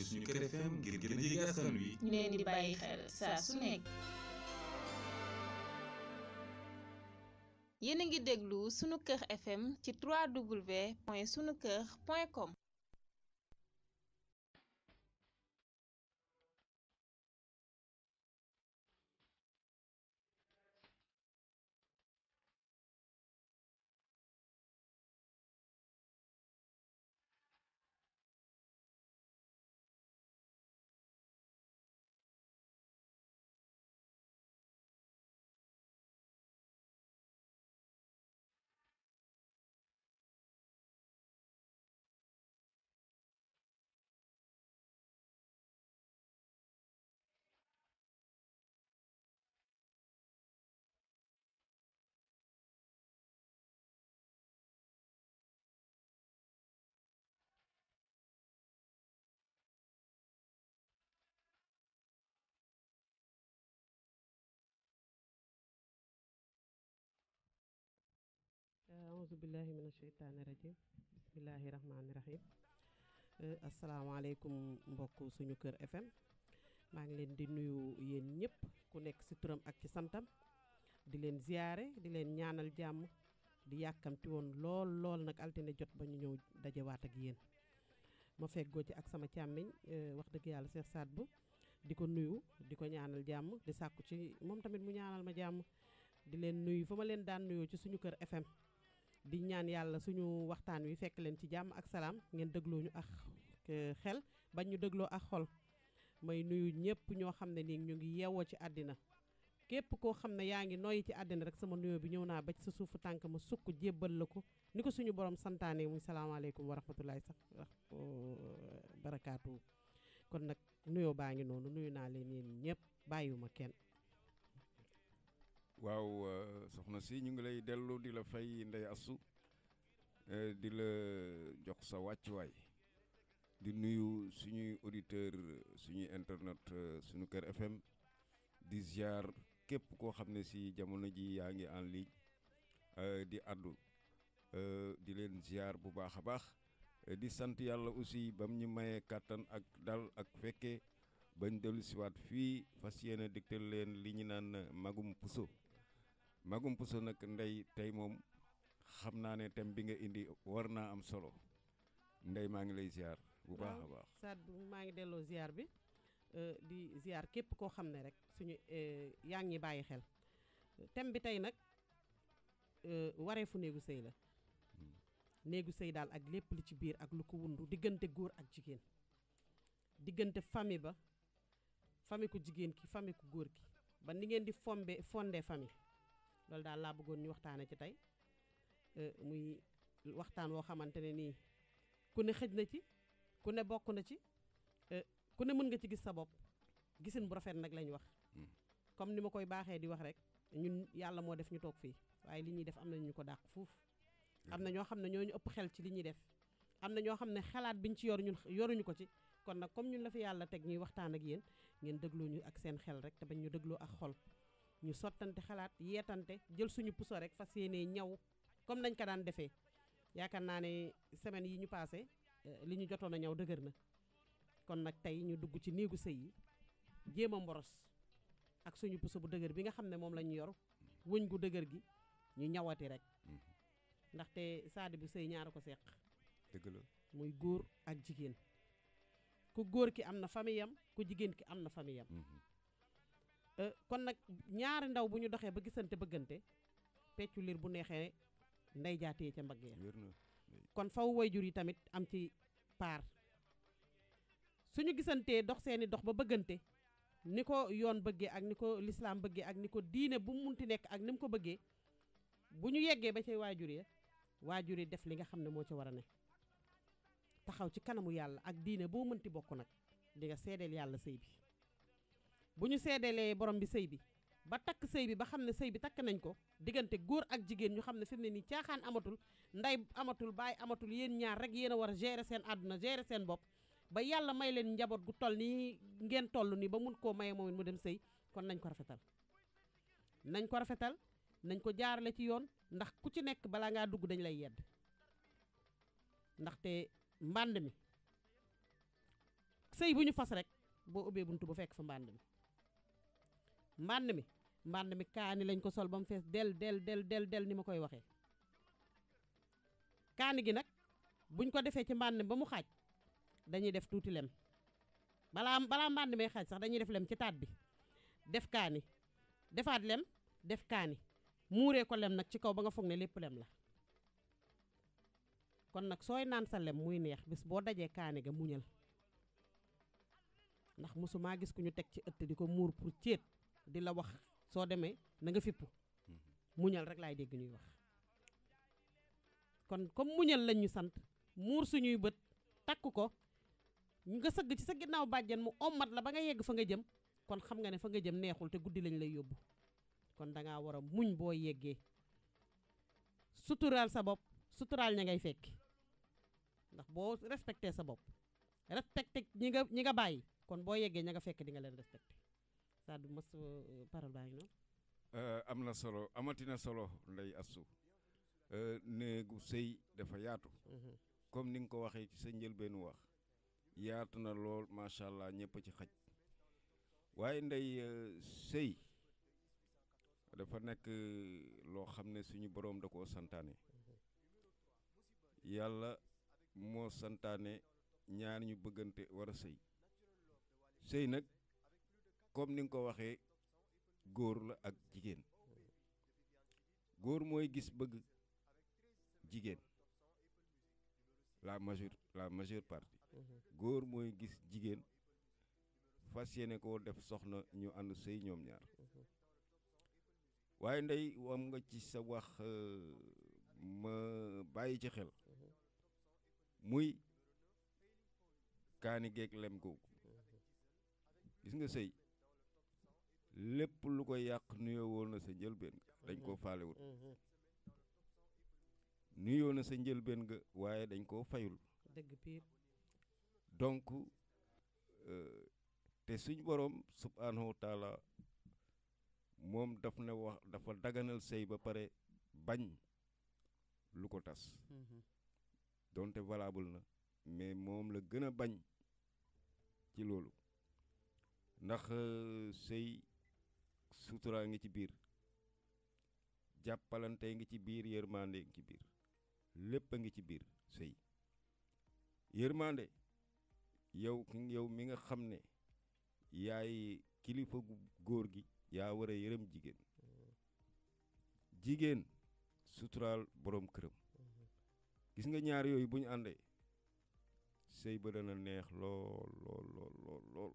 di suñu Kër su nekk. a ngi déglu sunu kër FM ci 3W point sunu kër point aouzu billahi mina sheytaani rajim bismillahi rahmaani rahim euh, asalaamaaleykum mbokk suñu kër FM maa ngi leen di nuyu yéen ñëpp ku nekk si turam ak ci santam di leen ziyaare di leen ñaanal jàmm di yàkkamti woon lool lool nag altine jot ba ñu ñëw dajewaat ak yéen ma feggoo ci ak sama càmmiñ euh, wax dëgg yàlla Cheikh Sadbou di ko nuyu di ko ñaanal jàmm di sàkku ci moom tamit mu ñaanal ma jàmm di leen nuyu fa ma leen daan nuyoo ci suñu kër FM di ñaan yàlla suñu waxtaan wi fekk leen ci jàmm ak salaam ngeen dégloo ñu ak xel bañ ñu dégloo ak xol may nuyu ñëpp ñoo xam ne nii ñu ngi yeewoo ci àddina képp koo xam ne yaa ngi noyyi ci àddina rek sama nuyoo bi ñëw naa ba sa suufu tànk ma sukk jébbal la ko ni ko suñu borom santaane muy salaamaaleykum wa rahmatulahi sax barakaatu kon nag nuyoo baa ngi noonu nuyu naa leen yéen ñëpp ma kenn waaw euh, soxna si ñu ngi lay dellu di la fay ndey asu euh, di la jox sa wàccuwaay di nuyu suñuy auditeur suñuy internet euh, suñu Kër FM di ziar képp koo xam ne si jamono ji yaa ngi en ligne di àddu di leen ziar bu baax a baax di sant yàlla aussi ba ñu mayee kàttan ak dal ak fekke bañ dellu siwaat fii fas yéene dégtal leen li ñu naan magum puso magum puso nag ndey tey moom xam naa ne thème bi nga indi war naa am solo ndey maa ngi lay ziar. bu baax a baax Sadou maa ngi delloo ziar bi euh, di ziar képp koo xam ne rek suñu euh, yaa ngi bàyyi xel thème bi tey nag euh, wareefu néegu sëy la hmm. néegu sëy daal ak lépp li ci biir ak lu ko wundu diggante góor ak jigéen diggante famille ba famille ku jigéen ki famille ku góor ki ba ni ngeen di fombe fondé famille loolu daal laa bëggoon ñu waxtaane ci tey euh, muy waxtaan woo xamante ne nii ku ne xëj na ci ku ne bokk na ci euh, ku ne mën nga ci gis sa bopp gisin bu rafet nag lañ wax hmm. comme ni ma koy baaxee di wax rek ñun yàlla moo def ñu toog fii waaye li ñuy def am na ñu ko dàq fuuf hmm. am na ñoo xam ne ñooñu ëpp xel ci li ñuy def am na ñoo xam ne xalaat biñ ci yor ñun yoruñu ko ci kon nag comme ñun la fi yàlla teg ñuy waxtaan ak yéen ngeen dégloo ñu ak seen xel rek te bañ ñu dégloo ak xol ñu sottante xalaat yeetante jël suñu puso rek fas yéenee ñaw comme nañ ko daan defee yaakaar naa ne semaine yi ñu paase euh, li ñu jotoon a ñaw dëgër na kon nag tey ñu dugg ci néegu sëy yi jéem a mboros ak suñu puso bu dëgër bi nga xam ne moom la ñu yor wëñ gu dëgër gi ñu ñawati rek mm-hmm. ndaxte saadi bu sëy ñaara ko seq dëgg muy góor ak jigéen ku góor ki am na famille am ku jigéen ki am na famille mm-hmm. Euh, kon nag ñaari ndaw bu ñu doxee ba gisante bëggante peccu liir bu neexee nday jaatee ca mbagg ya kon faw wayjur yi tamit am ci paar suñu gisantee dox seeni dox ba bëggante ni ko yoon bëggee ak ni ko lislaam bëggee ak ni ko diine bu munti nekk ak ni mu ko bëggee bu ñu yeggee ba cay waajur ya waajur yi def li nga xam ne moo ci war a ne taxaw ci kanamu yàlla ak diine boo mënti bokk nag di nga seedeel yàlla sëy bi bu ñu seedeelee borom bi sëy bi ba takk sëy bi ba xam ne sëy bi takk nañ ko diggante góor ak jigéen ñu xam ne fi mu ne nii caaxaan amatul ndey amatul baay amatul yéen ñaar rek yéen a war a gérer seen àdduna gérer seen bopp ba yàlla may leen njaboot gu toll nii ngeen toll nii ba mun koo maye moom mu dem sëy kon nañ ko rafetal nañ ko rafetal nañ ko jaarale ci yoon ndax ku ci nekk balaa ngaa dugg dañ lay yedd ndaxte mbànd mi sëy bu ñu fas rek boo ubbee buntu ba fekk fa mbànd mi mbànd mi mbànd mi kaani lañ ko sol bam fess del del del del del ni makoy waxe kaani gi nak buñ ko defé ci mbànd ba mu xaj dañuy def tuuti lem bala bala mbànd mi xaj sax dañuy def lem ci bi def kaani defat lem def kaani mure ko lem nak ci kaw ba nga fogné lepp lem la kon nak soy nan sa lem muy neex bis bo dajé kaani ga muñal ndax musuma gis ku ñu tek ci ëtt di ko pour ciet di la wax soo demee nanga fippu muñal rek laay dégg ñuy wax kon comme muñal lañ ñu sant muur suñuy bët takk ko nga sëgg ci sa ginnaaw bàjjen mu ommat la ba nga yegg fa nga jëm kon xam nga ne fa nga jëm neexul te guddi lañ lay yóbbu kon dangaa war a muñ boo yeggee suturaal sa bopp suturaal ña ngay fekk ndax boo respecté sa bopp respecté ñi nga ñi nga bàyyi kon boo yeggee ña nga fekki di nga leen respecté stade bi mos euh, parole baa ngi euh, am na solo amati na solo nday Astou. Euh, néegu sëy dafa yaatu. Mhm. comme ni nga ko waxee ci sa njëlbeenu wax. yaatu na lool macha allah ñëpp ci xaj. waaye ndey sëy dafa nekk loo xam ne suñu boroom da koo santaane yàlla moo santaane ñaar ñu bëggante war a sëy sëy nag comme ni nga ko waxee góor la ak jigéen góor mooy gis bëgg jigéen la majeure la majeure partie mhm. góor mooy gis jigéen fas yéene ko def soxna ñu ànd sëy ñoom ñaar mhm. waaye ndey am nga ci sa wax euh, ma bàyyi ci xel mhm. muy kaani geek lem googu gis nga sëy lépp lu ko yàq nuyoo woon na sa njëlbeen ga dañ koo faalewul mm-hmm. nuyoo na sa njëlbeen ga waaye dañ koo fayul dëgg euh, te suñ borom subhaanahu wa moom daf ne wax dafa daganal sëy ba pare bañ lu ko tas mm-hmm. donte valable na mais moom la gën a bañ ci loolu ndax euh, sëy sutura ngi ci biir jàppalante ngi ci biir yërmande ngi ci biir lépp a ngi ci biir sëy yërmande yow yow mi nga xam ne yaay kilifa gu góor gi yaa war a yërëm jigéen jigéen suturaal borom këram gis nga ñaar yooyu bu ñu àndee sëy ba dana neex lool lool lool lool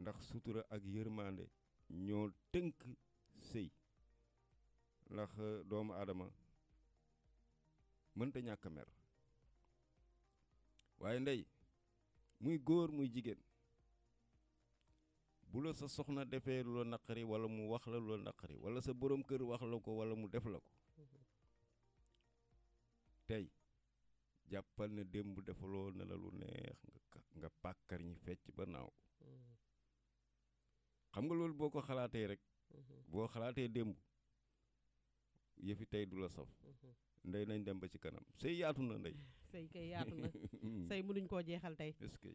ndax sutura ak yërmande ñoo tënk sëy ndax euh, doomu aadama mënta ñàkk mer waaye ndey muy góor muy jigéen bu la sa soxna defee lu la naqari wala mu wax la lu la naqari wala sa boroom kër wax la ko wala mu def la ko tey jàppal na démb defaloo na lu neex nga nga pàkkar ñi fecc ba naaw mm-hmm. xam nga loolu boo ko xalaatee rek. Mm-hmm. boo xalaatee démb yëfi tey du la saf. Mm-hmm. ndey nañ dem ba ci kanam sëy yaatu na ndey. sëy kay yaatu na sëy mënuñ koo jeexal tey. est-ce que.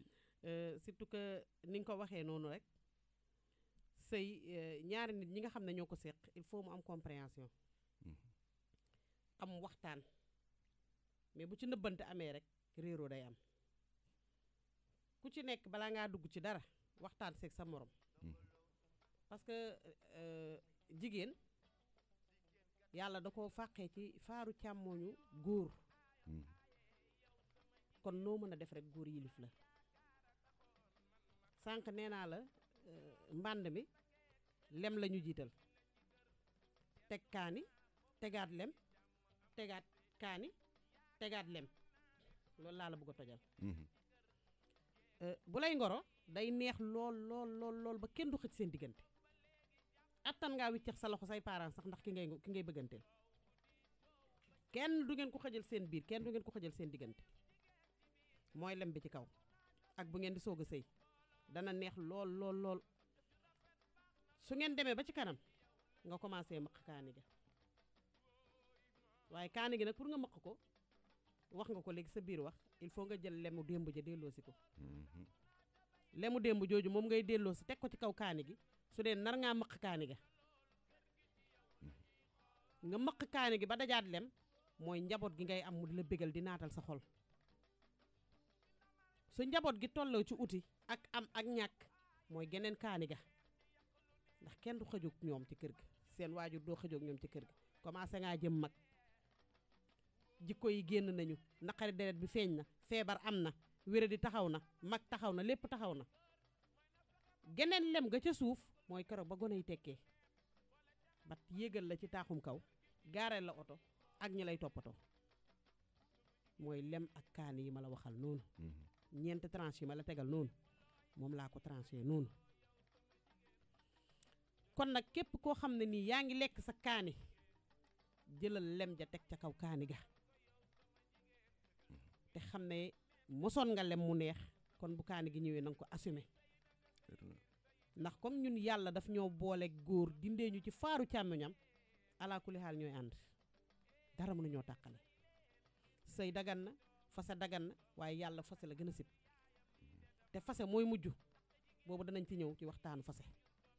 Euh, surtout que ni nga ko waxee noonu rek sëy euh, ñaari nit ñi nga xam ne ñoo ko séq il faut mu am compréhension. Mm-hmm. am waxtaan mais bu ci nëbbante amee rek réeroo day am ku ci nekk balaa ngaa dugg ci dara waxtaan seeg sa morom. parce que euh, euh, jigéen yàlla da ko fàqee ci faaru càmmooñu góor mm-hmm. kon noo mën a def rek góor yilif la sànq nee naa la euh, mbànd mi lem la ñu jiital teg kaani tegaat lem tegaat kaani tegaat lem loolu laa la bëgg a tojal mm-hmm. bu lay ngoro day neex lool lool lool lool ba kenn du xëcc seen diggante attan ngaa wiccax sa loxo say parents sax ndax ki ngay ki ngay bëgganteel kenn du ngeen ko xëjël seen biir kenn du ngeen ko xëjël seen diggante mooy lem bi ci kaw ak bu ngeen di soog a sëy dana neex lool lool lool su ngeen demee ba ci kanam nga commencé maq kaani ga waaye kaani gi nag pour nga maq ko wax nga ko léegi sa biir wax il faut nga jël lemu démb ja delloosi ko mhm. lemu démb jooju moom ngay delloosi teg ko ci kaw kaani gi su dee nar ngaa mëq kaani ga nga mëq kaani gi ba dajaat lem mooy njaboot gi ngay am mu di la bégal di naatal sa xol su njaboot gi tolloo ci uti ak am ak ñàkk mooy geneen kaani ga ndax kenn du xëjoog ñoom ci kër gi seen waajur doo xëjoog ñoom ci kër gi commencé ngaa jëm mag jikko yi génn nañu naqari deret bi feeñ na feebar am na wéré di taxaw na mag taxaw na lépp taxaw na geneen lem ga ca suuf mooy keroog ba gone yi tekkee bat yéegal la ci taaxum kaw gaareel la oto ak ñi lay toppatoo mooy lem ak kaani yi ma la waxal noonu mm-hmm. ñeenti tranche yi ma la tegal noonu moom laa ko tranché noonu kon nag képp koo xam ne nii yaa ngi lekk sa kaani jëlal lem ja teg ca kaw kaani ga mm-hmm. te xam ne mosoon nga lem mu neex kon bu kaani gi ñëwee na ko assumé ndax comme ñun yàlla daf ñoo boole góor dindee ñu ci faaru càmmoñam ala kulli xaal ñooy ànd dara mënu ñoo tàqale sëy dagan na fase dagan na waaye yàlla fase la gën a sib te fase mooy mujj boobu danañ ci ñëw ci waxtaanu fase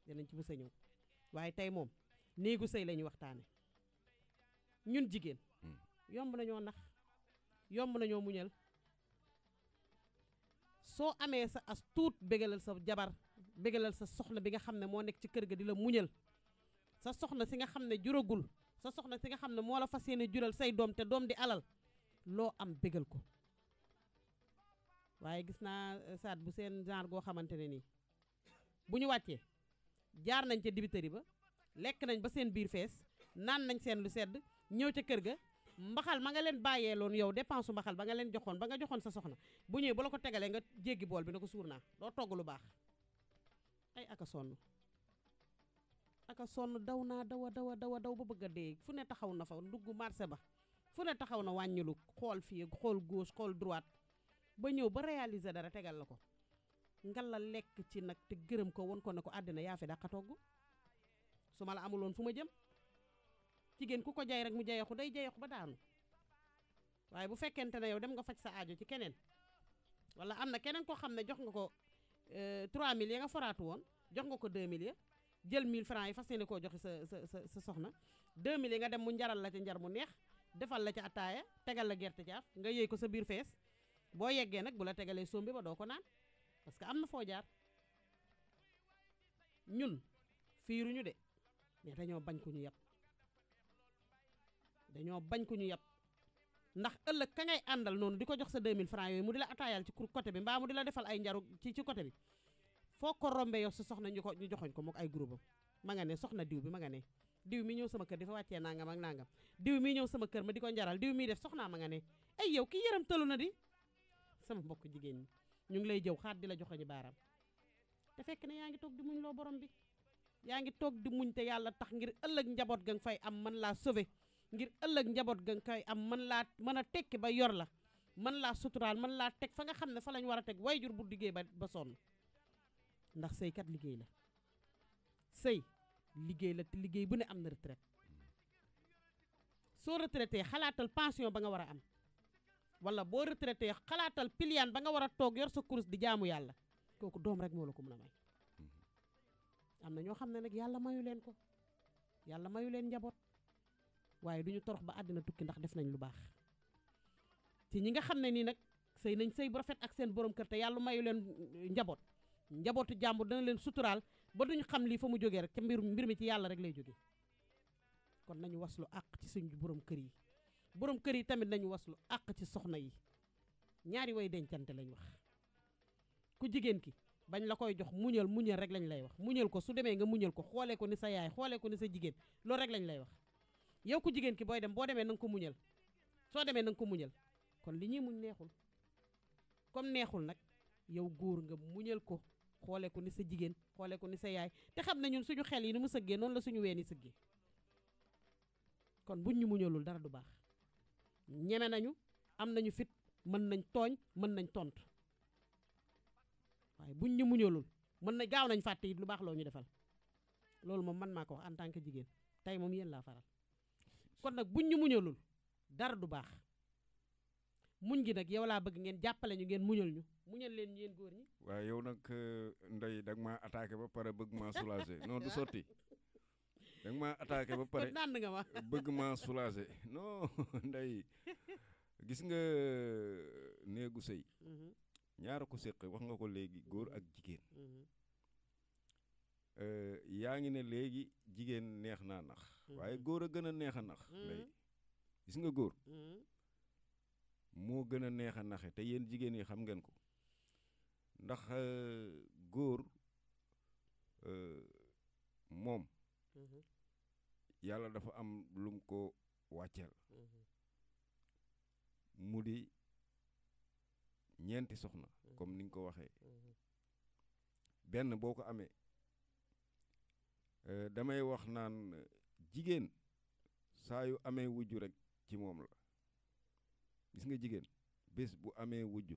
danañ ci mësa a ñëw waaye tey moom néegu sëy lañuy waxtaane ñun jigéen hmm. yomb nañoo nax yomb nañoo muñal soo amee sa as tuut bégalal sa jabar Begelal sa soxna bi nga xamne mo nek ci kër ga di muñal sa soxna si nga xamne juragul sa soxna si nga xamne mo la fasiyene jural say dom te dom di alal lo am begelku. ko waye gis na euh, saat bu sen genre go xamantene ne buñu wacce jaar nañ ci dibiteri ba lek nañ ba sen bir fess nan nañ sen lu sedd ñew ci kër ga mbaxal ma nga len baye lon yow dépense mbaxal ba nga len joxone ba nga joxone sa soxna bu ñëwee bu la ko tégalé nga jéggi bol bi nako do togg lu bax ay aka sonn aka sonn daw naa dawa dawa dawa daw ba bëgg a dee fu ne taxaw na fa ndugg marché ba fu ne taxaw na wàññilu xool fii xool gauche xool droite ba ñëw ba réaliser dara tegal la ko nga la lekk ci nag te gërëm ko won ko ne ko àddina yaa fi dàqa togg su ma la amuloon fu ma jëm jigéen ku ko jay rek mu jayaxu day jayaxu ba daanu waaye bu fekkente ne yow dem nga faj sa aajo ci keneen wala am na keneen koo xam ne jox nga ko 3 euh, mille ya nga foraatu woon jox nga ko 2 mille ya jël 1000 francs yi fas yéene koo joxe sa sa sa soxna 2 mille yi nga dem mu njaral la ci njar mu neex defal la ci attaaya tegal la gerte caaf nga yey ko sa biir fess bo yegge nak bula tegalé sombi ba do ko naan parce que amna fo jaar ñun fiiruñu de mais dañoo bañ ko ñu yab dañoo bañ ko ñu yab ndax ëllëg ka ngay àndal noonu di ko jox sa 2000 francs yooyu mu di la ataayal ci côté bi mbaa mu di la defal ay njaru ci ci bi foo ko rombe yow sa soxna ñu ko ñu joxoñ ko mook ay groupe ma nga ne soxna diw bi ma nga ne diw mi ñëw sama kër dafa wàccee nangam ak nangam diw mi ñëw sama kër ma di ko njaral diw mii def soxnaa ma nga ne ay yow ki yaram tëlu na di sama mbokk jigéen ñu ngi lay jëw xaat di la joxoñi baaram te fekk ne yaa ngi toog di muñ loo borom bi yaa ngi toog di muñ te yàlla tax ngir ëllëg njaboot ga fay am man laa sauver ngir ëllëg njabot gën kay am man laa mën a tekki ba yor la man laa sutural man laa teg fa nga xam ne fa lañ war a teg wayjur bu liggéey ba ba sonn ndax sëy kat liggéey la sëy liggéey la te liggéey bu ne am na retraite soo retraité xalaatal pension ba nga war am wala boo retraité xalaatal pilian ba nga war a toog yor sa course di jaamu yàlla kooku doom rek moo la ko mën a may mhm. am na ñoo xam ne nag yàlla mayu leen ko yàlla mayu leen njaboot waaye du ñu torox ba àddina tukki ndax def nañ lu baax ci ñi nga xam ne nii nag sëy nañ sëy bu rafet ak seen borom kër te yàlla mayu leen njaboot njabootu jàmbur dana leen suturaal ba duñu xam lii fa mu jógee rek ca mbir mbir mi ci yàlla rek lay jóge kon nañu lu àq ci suñu borom kër yi borom kër yi tamit nañu lu àq ci soxna yi ñaari way dencante lañ wax ku jigéen ki bañ la koy jox muñal muñal rek lañ lay wax muñal ko su demee nga muñal ko xoolee ko sa yaay xoolee ko sa jigéen loolu rek lañ lay wax yow ku jigéen ki booy dem boo demee na nga ko muñal soo demee na nga ko muñal kon li ñuy muñ neexul comme neexul nag yow góor nga muñal ko xoolee ko ni sa jigéen xoolee ko ni sa yaay te xam ne ñun suñu xel yi ni mu sëggee noonu la suñu ween yi sëggee kon buñ ñu muñalul dara du baax ñeme nañu am nañu fit mën nañ tooñ mën nañ tontu waaye buñ ñu muñalul mën na gaaw nañ fàtte it lu baax loo ñu defal loolu moom man maa ko wax en tant que jigéen tey moom yéen laa faral kon nag buñ ñu muñalul dara du baax muñ gi nag yow laa bëgg ngeen jàppale ñu ngeen muñal ñu muñal leen yéen góor ñi. waaw yow nag euh, ndey da ma maa attaqué ba pare bëgg ma soulager non du sorti da nga maa attaqué ba pare nand ma bëgg maa soulager non ndey gis nga euh, néegu sëy mhm. ñaara ko séq wax nga ko léegi góor ak jigéen. Mhm. Eh, yaa ngi ne léegi jigéen neex naa nax mm-hmm. waaye góor a gën a neex a nax ndey mm-hmm. gis nga góor mm-hmm. moo gën a neex a naxe te yéen jigéen yi xam ngeen ko ndax eh, góor eh, moom yàlla dafa am lum ko wàcceel mu di ñeenti soxna comme ni ko waxee benn boo ko amee Euh, damay wax naan jigéen saa yu amee wujju rek ci moom la gis nga jigéen bés bu amee wujju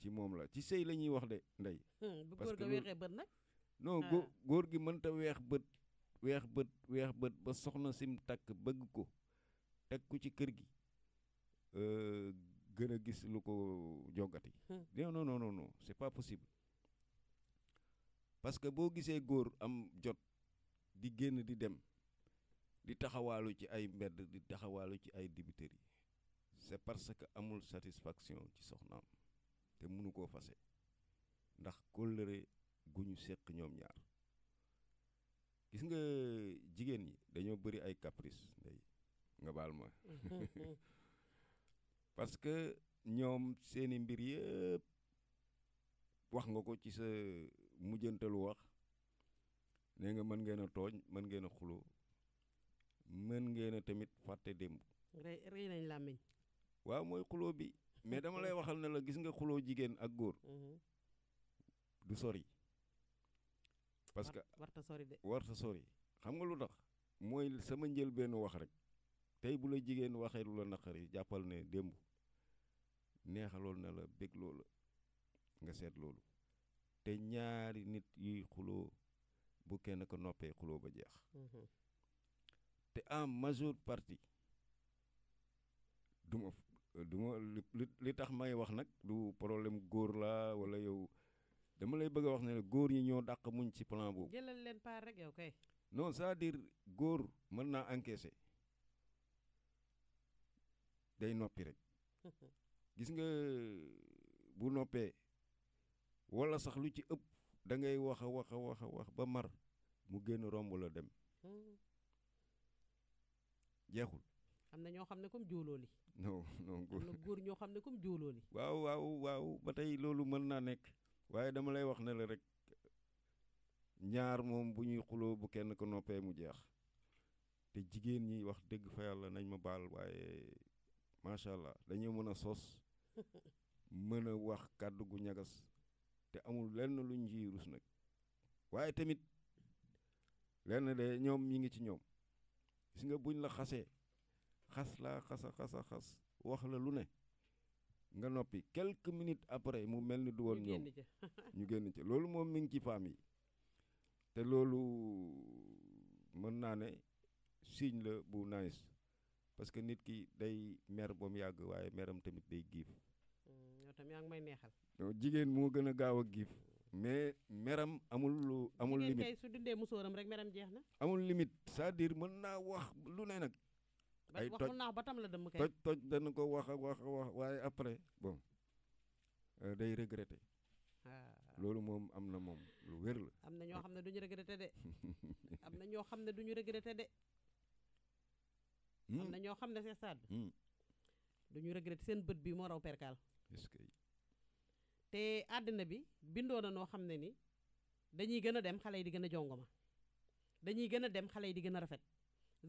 ci moom la ci sëy la ñuy wax de ndey. Hmm, bu góor ga weexee bët nag. non ah. góor góor gi mënta weex bët weex bët weex bët ba soxna sim takk bëgg ko teg ko ci kër gi euh, gën a gis lu ko jogati. Hmm. non non non non c'est pas possible parce que boo gisee góor am jot di génn di dem di taxawaalu ci ay mbedd di taxawaalu ci ay dibiteri c'est parce que amul satisfaction ci soxnaam te mënu koo fase ndax kóllëre gu ñu seq ñoom ñaar gis nga jigéen ñi dañoo bëri ay caprice ndey nga baal ma parce que ñoom seeni mbir yépp wax nga ko ci sa mujjantalu wax nee nga mën ngeen a tooñ mën ngeen a xuloo mën ngeen a tamit fàtte démb. waaw mooy xuloo bi mais dama lay waxal ne la gis nga xuloo jigéen ak góor. Mm-hmm. du sori. parce que warta sori de. xam nga lu tax mooy sama njël benn wax rek tey bu la jigéen waxee lu la naqari jàppal ne démb neexalool na la bég nga seet loolu te ñaari nit yuy xuloo bu kenn ko noppee xuloo ba jeex mm-hmm. te en majeure partie du ma li tax may wax nag du problème góor la wala yow dama lay bëgg a wax ne góor ñi ñoo dàq muñ ci plan boobu. jëlal leen paar rek yow kay. góor mën naa encaisser day noppi rek mm-hmm. gis nga bu noppee wala sax lu ci ëpp. da ngay wax a wax a wax wax ba mar mu génn romb la dem. Hmm. jeexul. am na ñoo xam ne comme jóolooli. non góor ñoo xam ne comme jóolooli. waaw waaw waaw ba tey loolu mën naa nekk. waaye dama lay wax ne la rek ñaar moom bu ñuy xuloo bu kenn ko noppee mu jeex te jigéen ñi wax dëgg fa yàlla nañ ma baal waaye macha allah dañuy mën a sos mën a wax kàddu gu ñagas amul lenn luñ ji rus nag waaye tamit lenn de ñoom ñi ngi ci ñoom gis nga buñ la xasee xas laa xasa xasa xas wax la lu ne nga noppi quelques minutes après mu mel ni du woon ñoom ñu génn ca loolu moom mi ngi ci faam yi te loolu mën naa ne signe la bu nice parce que nit ki day mer ba mu yàgg waaye meram tamit day giif tam yaa ngi may neexal. jigéen moo gën a gaaw a giif mais meram amul lu amul limite jigéen kay su dindee rek meram jeex na. amul limite cest à mën naa wax lu ne nag. ay toj naa ba tam dem kay. toj toj dana ko wax a wax a wax waaye après bon euh, day regretter. Ah. loolu moom am na moom lu wér la. am na ñoo xam ne du ñu regretter de. am na ñoo xam ne du ñu regretter hmm? na ñoo xam ne c'est ça. Hmm. du ñu regretter seen bët bii moo raw perkaal. te àddina bi bindoo na noo xam ne ni dañuy gën a dem xale yi di gën a jongoma dañuy gën a dem xale yi di gën a rafet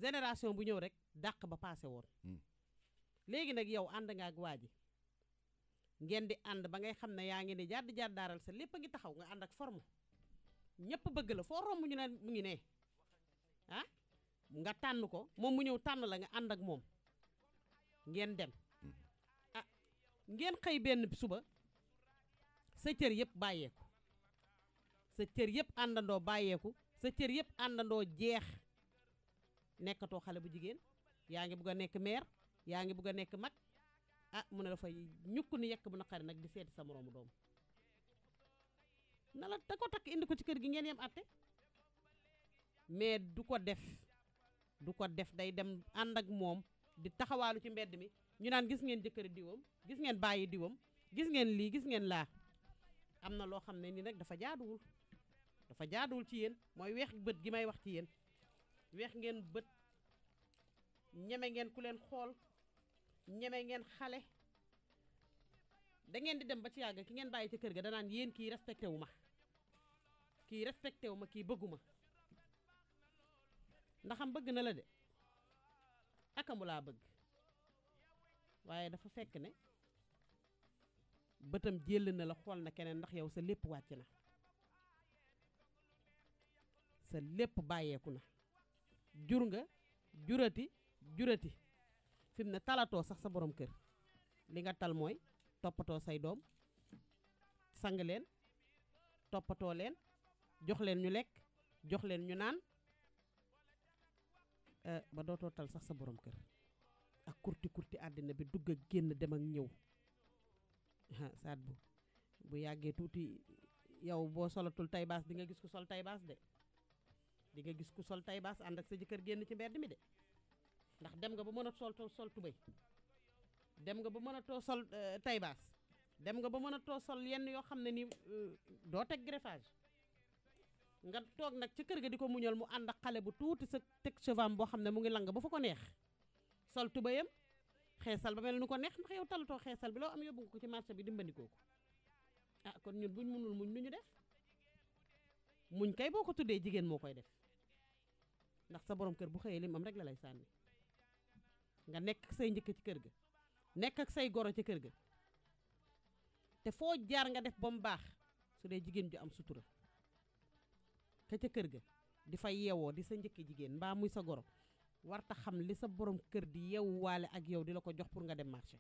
génération bu ñëw rek dàq ba paase woon hmm. léegi nag yow ànd nga ak waa ji ngeen di ànd ba ngay xam ne yaa ngi ne jàdd jàddaaral sa lépp a ngi taxaw nga ànd ak forme ñëpp bëgg la foo romb ñu ne mu ngi ne ah nga tànn ko moom mu ñëw tànn la nga ànd ak moom ngeen dem ngeen xey benn suba sa cër yëpp bàyyeeku sa cër yëpp àndandoo bàyyeeku sa cër yëpp àndandoo jeex nekkatoo xale bu jigéen yaa ngi bugg a nekk meer yaa ngi bugg a nekk mag ah mu ne dafa ñukk ni yekk bu naqari nag di seeti sa moroomu doom na la ko indi ko ci kër gi ngeen yem atte mais du ko def du ko def day dem ànd ak moom di taxawaalu ci mbedd mi ñu naan gis ngeen jëkkër diwam gis ngeen bàyyi diwam gis ngeen lii gis ngeen laa am na loo xam ne ni nag dafa jaaduwul dafa jaaduwul ci yéen mooy weex bët gi may wax ci yéen weex ngeen bët ñeme ngeen ku leen xool ñeme ngeen xale da ngeen di dem ba ci yàgg ki ngeen bàyyi ci kër ga danaan yéen kii respecté wu ma kii respecté wu ma kii bëgguma am bëgg na la de akamu bëgg waaye dafa fekk ne bëtam jël na la xool na keneen ndax yow sa lépp wàcc na sa lépp bàyyeeku na jur nga jurati jurati fim mu ne talatoo sax sa borom kër li nga tal mooy toppatoo say doom sang leen toppatoo leen jox leen ñu lekk jox leen ñu naan eh, ba dootoo tal sax sa borom kër ak kurti kurti àddina bi dugg ak génn dem ak ñëw saat bu bu yàggee tuuti yow boo solatul tay baas di nga gis ku sol tay de di nga gis ku sol tay baas ànd ak sa jëkkër génn ci mbedd mi de ndax dem nga ba mën a sol sol tubay dem nga ba mën a too sol eh, tay baas dem nga ba mën a too sol yenn yoo xam ne ni eh, doo teg greffage nga toog nag ci kër ga di ko muñal mu ànd ak xale bu tuuti sa teg chevam boo xam ne mu ngi lang ba fa ko neex sol tubayam xéssal ba mel nu ko neex ndax yow talato xéssal bi lo am yobbu ko ci marché bi dimbandikoo ko ah kon ñun buñ mënul muñ nu def muñ kay boko tuddé jigen mo koy def ndax sa borom kër bu xeyé lim am rek la lay sanni nga nek ak say ñëk ci kër ga nek ak say goro ci kër ga te fo jaar nga def bom baax su dé jigen ju am sutura ka ca kër ga di fay yeewoo di sa njëkki jigéen mbaa muy sa goro warta xam li sa borom kër di yewwaale ak yow di la ko jox pour nga dem marché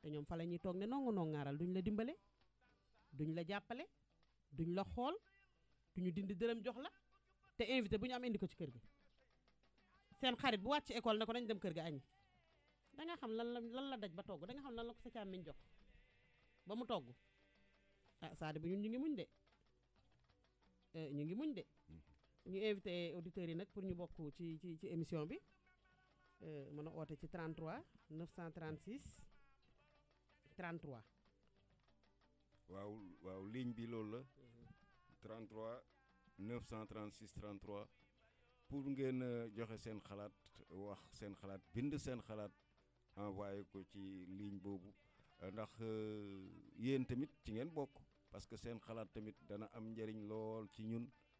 te ñoom fa la ñuy toog ne nongu ngaaral duñ la dimbale duñ la jàppale duñ la xool duñu dindi dërëm jox la te invité bu ñu am indi ko ci kër gi seen xarit bu wàcc école ne ko nañ dem kër ga añi da nga xam lan la lan la daj ba togg da nga xam lan la ko sa càmmiñ jox ba mu togg ah saadi bu ñun ñu ngi muñ de eh, ñu ngi muñ de ñu invité auditeurs yi nag pour ñu bokk ci ci ci émission bi euh, mën a oote ci 33 936 33. waaw waaw ligne bi loolu la. 33 936 33 pour ngeen euh, joxe seen xalaat wax seen xalaat bind seen xalaat envoyé ko ci ligne boobu euh, ndax yéen tamit ci ngeen bokk parce que seen xalaat tamit dana am njariñ lool ci ñun.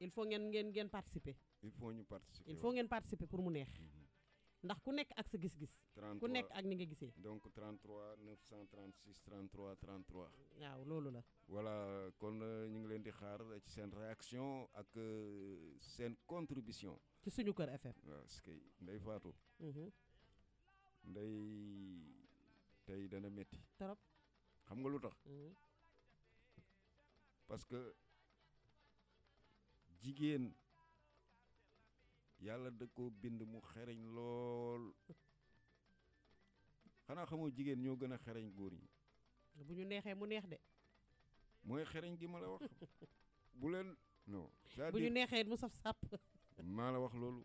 il faut ngeen ngeen ngeen participer. il faut ñu participer il faut ngeen participer pour mu neex. Mhm. ndax ku nekk ak sa gis-gis. ku nekk ak ni nga gisee. donc 33 936 33 33. waaw loolu la. voilà kon euh, ñu ngi leen di xaar ci seen réaction ak euh, seen contribution. ci suñu kër FM. parce que, ce que Ndeye Fatou. Mhm. Ndeye tey dana metti trop xam nga lu tax. Mhm. parce que. jigéen yàlla da koo bind mu xereñ lool xanaa xamoo jigéen ñoo gën a xereñ góor ñi. bu ñu neexee mu neex de. mooy xereñ gi ma la wax bu leen bu ñu neexee mu saf sàpp. maa la wax loolu.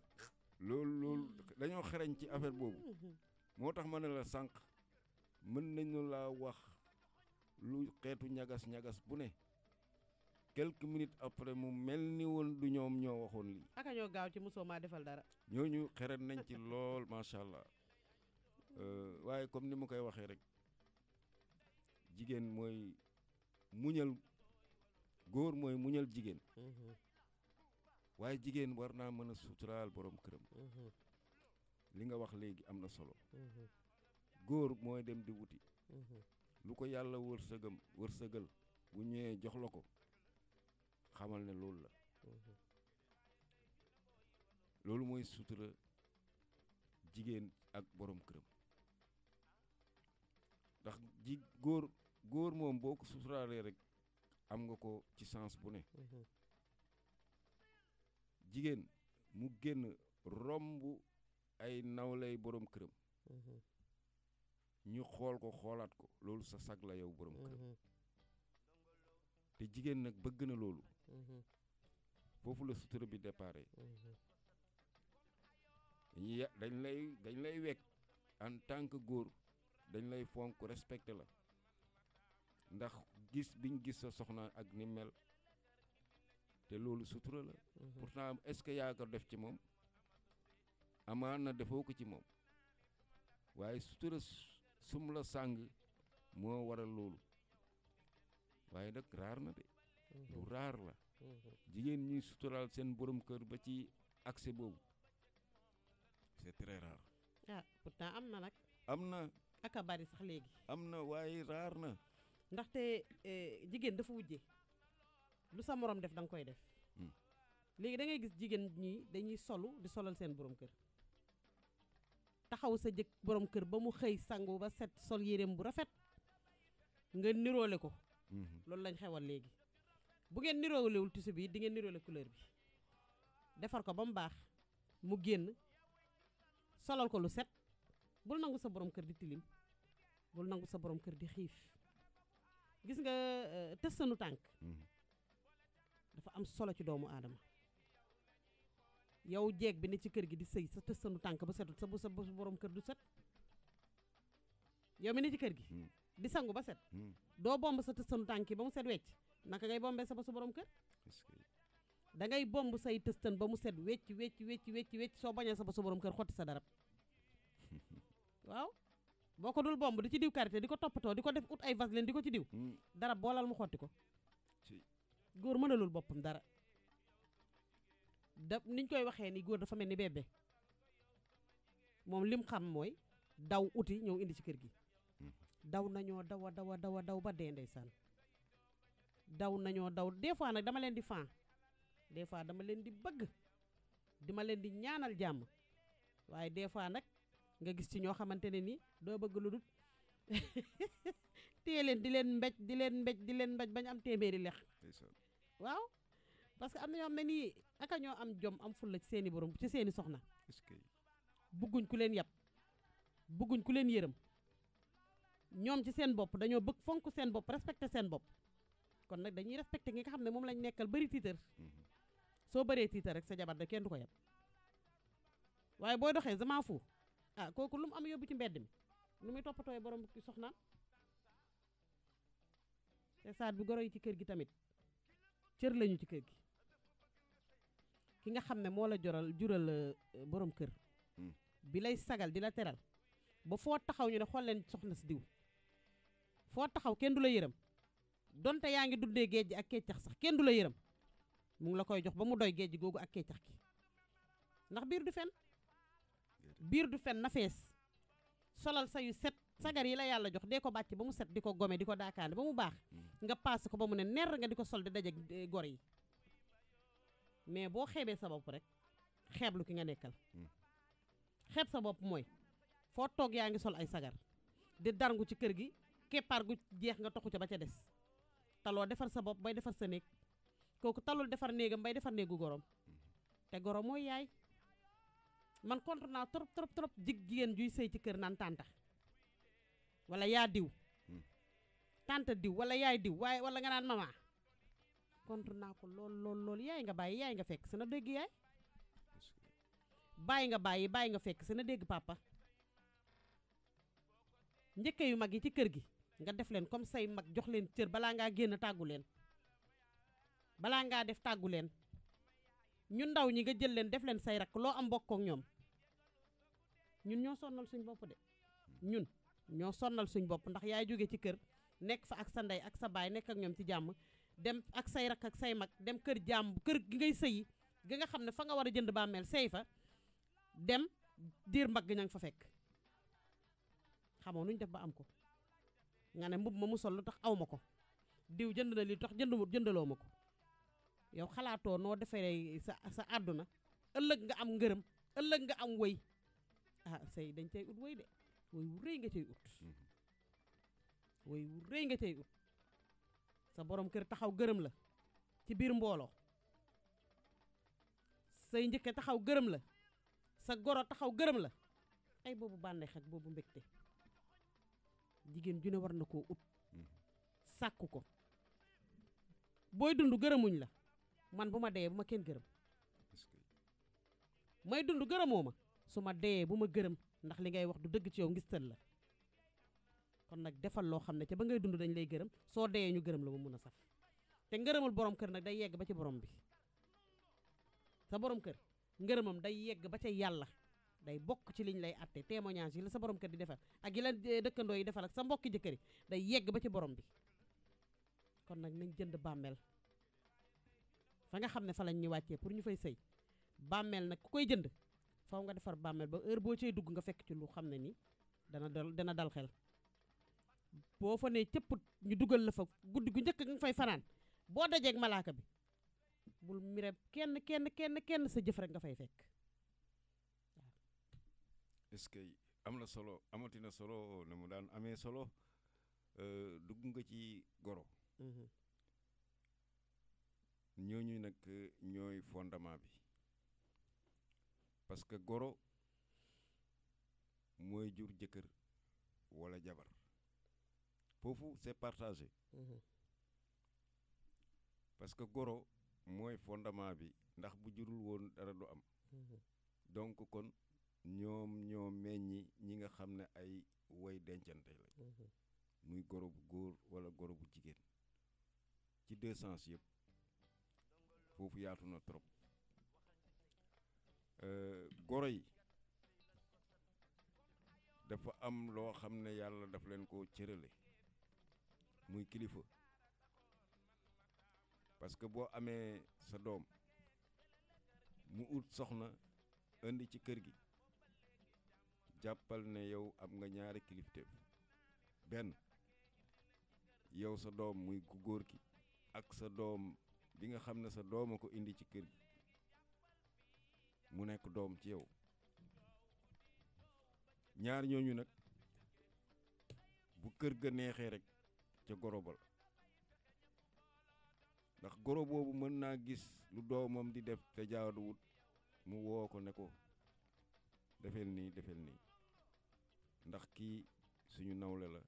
loolu loolu dañoo xereñ ci affaire boobu. moo tax ma ne la sànq mën nañu laa wax lu xeetu ñagas ñagas bu ne. quelques minutes après mu mel ni woon du ñoom ñoo waxoon lii. aka ñoo gaaw ci mosoo maa defal dara. ñoo ñu xeret nañ ci lool macha allah euh, waaye comme ni mu koy waxee rek jigéen mooy muñal góor mooy muñal jigéen. Mm-hmm. waaye jigéen war naa mën a suturaal borom këram. Mm-hmm. li nga wax léegi am na solo. Mm-hmm. góor mooy dem di wuti. lu ko yàlla wërsëgam wërsëgal bu ñëwee jox la ko. xamal ne loolu la mhm. loolu mooy sutura jigéen ak boroom këram ndax ji góor góor moom boo ko suturaalee rek am nga ko ci sens bu ne mhm. jigéen mu génn romb ay nawlay boroom këram mhm. ñu xool ko xoolaat ko loolu sa sag la yow borom këram te jigéen nag bëgg na loolu Mm-hmm. foofu la sutura bi déparé mm-hmm. ya dañ lay dañ lay wekk en tant que góor dañ lay fonk respecté la ndax gis biñ gis sa soxna ak ni mel te loolu sutura la mm-hmm. pourtant est-ce que yaa ko def ci moom amaan na defoo ko ci moom waaye sutura sum la sàng moo waral loolu waaye nag raar na de lu raar la jigéen ñuy suturaal seen borom kër ba ci accès boobu c'est très rare ah am na nag am na ak bari sax léegi am na waaye raar na ndaxte eh, jigéen dafa wujje lu sa morom def danga koy def hmm. léegi da ngay gis jigéen ñi dañuy solu di solal seen borom kër taxaw sa jëkk borom kër ba mu xëy sangu ba set sol yéreem bu rafet nga niroole ko hmm. loolu lañ xewal léegi bu ngeen niroolewul tisu bi di ngeen niroole couleur bi defar ko ba mu baax mu génn solal ko lu set bul nangu sa borom kër di tilim bul nangu sa borom kër di xiif gis nga euh, tës tànk mhm. dafa am solo ci doomu aadama yow jeeg bi ne ci kër gi di sëy sa tës tank tànk ba setut sa bu sa borom kër du set yow mi ne ci kër gi mhm. di sangu ba set mhm. doo bomb sa tës tanki tànk yi ba mu set wecc naka ngay bombé sa bosu borom kër da ngay bomb say tëstan ba mu set wecc wecc wecc wecc wecc so bañé sa bosu borom kër xotti sa darab waw boko dul bomb di ci diw karité di topato diko def out ay vaseline di ci diw hmm. darab bolal mu xoti ko góor lul boppam dara da niñ koy waxé ni góor dafa melni bébé mom lim xam moy daw uti ñew indi ci kër gi hmm. daw nañu dawa dawa dawa daw ba dee ndeysaan daw nañu daw des fois nak dama len di fan des fois dama len di bëgg dima len di ñaanal jamm waye des fois nak nga gis ci ño xamantene ni do bëgg lu dut téelen di len mbéj di len mbéj di len mbéj bañ am téméri lex waaw parce que am na ñoo xam ne aka ñoo am jom am fulla ci seeni borom ci seeni soxna bugguñ ku len yab bugguñ ku len yërëm ñom ci seen bop dañoo bëgg fonku seen bop respecté seen bop kon nag dañuy respecté ngi nga xam ne moom lañ nekkal bëri tiitër mm-hmm. soo baree tiitër rek sa jabar da kenn du ko yab waaye booy doxee zaman fu ah kooku lu mu am yóbbu ci mbedd mi lu muy toppatooy borom soxnaam te saat bi goro yi ci kër gi tamit cër lañu ci kër gi ki nga xam ne moo la joral jural euh, borom kër mm. bi lay sagal di la teral ba foo taxaw ñu ne xool leen soxna si diw foo taxaw kenn du la yërëm donte ta ngi dundee géej ak keccax sax kenn dula la mu ngi la koy jox ba mu doy géej gogu ak keccax gi ndax bir du fen bir du fen na fees solal sa yu set sagar yi la yalla jox dee ko bacc ba mu set di ko diko di ko ba mu bax mm. nga pass ko ba mu ne ner nga di ko sol de dajak eh, gor yi mais bo xébé sa bop rek xéblu ki nga nekkal mm. xeeb sa bop moy fo tok yaangi sol ay sagar di darngu ci kër gi képar gu jeex nga toxu ca ba ca dess taloo defar sa bopp bay defar sa néeg kooku talul defar néegam bay defar néegu gorom mm-hmm. te gorom mooy yaay man contre naa trop trop trop jig jigéen juy sëy ci kër naan tanta wala yaa diw mm. tanta diw wala yaay diw waaye wala nga naan mama contre naa ko lool lool lool yaay nga bàyyi yaay nga fekk sa na dégg yaay bàyyi nga bàyyi bàyyi nga fekk sa papa njëkke yu mag yi ci kër gi nga def leen comme say mag jox leen cër bala ngaa génn tàggu leen balaa ngaa def tàggu leen ñu ndaw ñi nga jël leen def leen say rak loo am bokk ak ñoom ñun ñoo sonnal suñ bopp de ñun ñoo sonnal suñ bopp ndax yaay jóge ci kër nekk fa ak sa nday ak sa baay nekk ak ñoom ci jàmm dem ak say rak ak say mag dem kër jàmm kër gi ngay sëyi gi nga xam ne fa nga war a jënd bàmmeel sey fa dem dir mbagg ña nga fa fekk xamoo nuñ def ba am ko nga ne mbubb ma mu sol lu tax awma ko diw jënd na li tax jëndu jëndaloo ma ko yow xalaatoo noo defee sa sa àdduna ëllëg nga am ngërëm ëllëg nga am woy ah say dañ cay ut wëy de wëy wu nga cay ut mm-hmm. wëy nga cay sa borom kër taxaw gërëm la ci biir mbooloo say njëkke taxaw gërëm la sa goro taxaw gërëm la ay boobu bànneex ak boobu mbégte jigéen ju ne war na koo ut mm-hmm. sàkku ko booy dund gërëmuñ la man bu ma deyee bu ma kenn gërëm may dund gërëmoo ma su ma deyee bu ma gërëm ndax li ngay wax du dëgg ci yow ngistal la kon nag defal loo xam ne ci ba ngay dund dañ lay gërëm soo deyee ñu gërëm la mu mun a saf te ngërëmul borom kër nag day yegg ba ci borom bi sa borom kër ngërëmam day yegg ba ca yàlla day bok ci liñ lay atté témoignage yi la sa borom kër di defal ak yi la eh, dëkkandoo yi defal ak sa mbokki jëkkëri day yegg ba ci borom bi kon nag nañ jënd bàmmeel fa nga xam ne fa lañ ñu wàccee pour ñu fay sëy bàmmeel ku koy jënd faw nga defar bàmmeel ba heure boo cay dugg nga fekk ci lu xam ni dana dal dana dal xel boo fa nee cëpp ñu dugal la fa guddi gu njëkk nga fay fanaan boo dajeeg malaaka bi bul mireb kenn kenn kenn kenn sa jëf rek nga fay fekk est-ce que am na solo amatina solo ne mu daan amee solo euh, dugg nga ci goro. Mm-hmm. ñooñu nag ñooy fondement bi parce que goro mooy jur jëkkër walla jabar foofu c'est partage mm-hmm. parce que goro mooy fondement bi ndax bu jurul woon dara du am. Mm-hmm. donc kon. ñoom ñoo meññi ñi nga xam ne ay woy dencante la mhm. muy goro bu góor wala goro bu jigéen ci deux sens yëpp foofu yaatu na trop euh, goro yi dafa am loo xam ne yàlla daf leen ko cërale muy kilifa parce que boo amee sa doom mu ut soxna indi ci kër gi jàppal ne yow am nga ñaari kilifteef benn yow sa doom muy ku góor ki ak sa doom bi nga xam ne sa doom ko indi ci kër gi mu nekk doom ci yow ñaar ñooñu nag bu kër ga neexee rek ca gorobal ndax goro boobu mën naa gis lu doomam di def te jaaduwut mu woo ko ne ko defel nii defel nii ndax kii suñu nawle la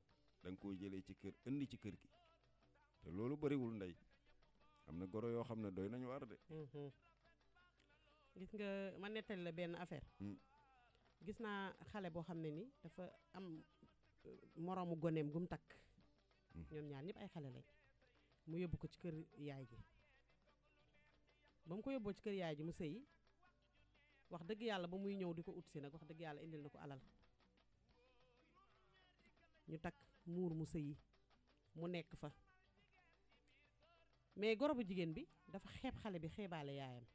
da nga koy jëlee ci kër indi ci kër gi te loolu bariwul ndey am na goro yoo xam ne doy nañu war de. Mhm. gis nga ma nettali la benn affaire. Hmm. gis naa xale boo xam ne ni dafa am euh, moroomu goneem gum takk. Hmm. ñoom ñaar ñëpp ay xale lañ. mu yóbbu ko ci kër yaay ji ba mu ko yóbboo ci kër yaay ji mu sëy wax dëgg yàlla ba muy ñëw di ko ut si nag wax dëgg yàlla indil na ko alal. ñu takk muur mu sëyi mu nekk fa mais goro bu jigéen bi dafa xeeb xale bi xeebaale yaayam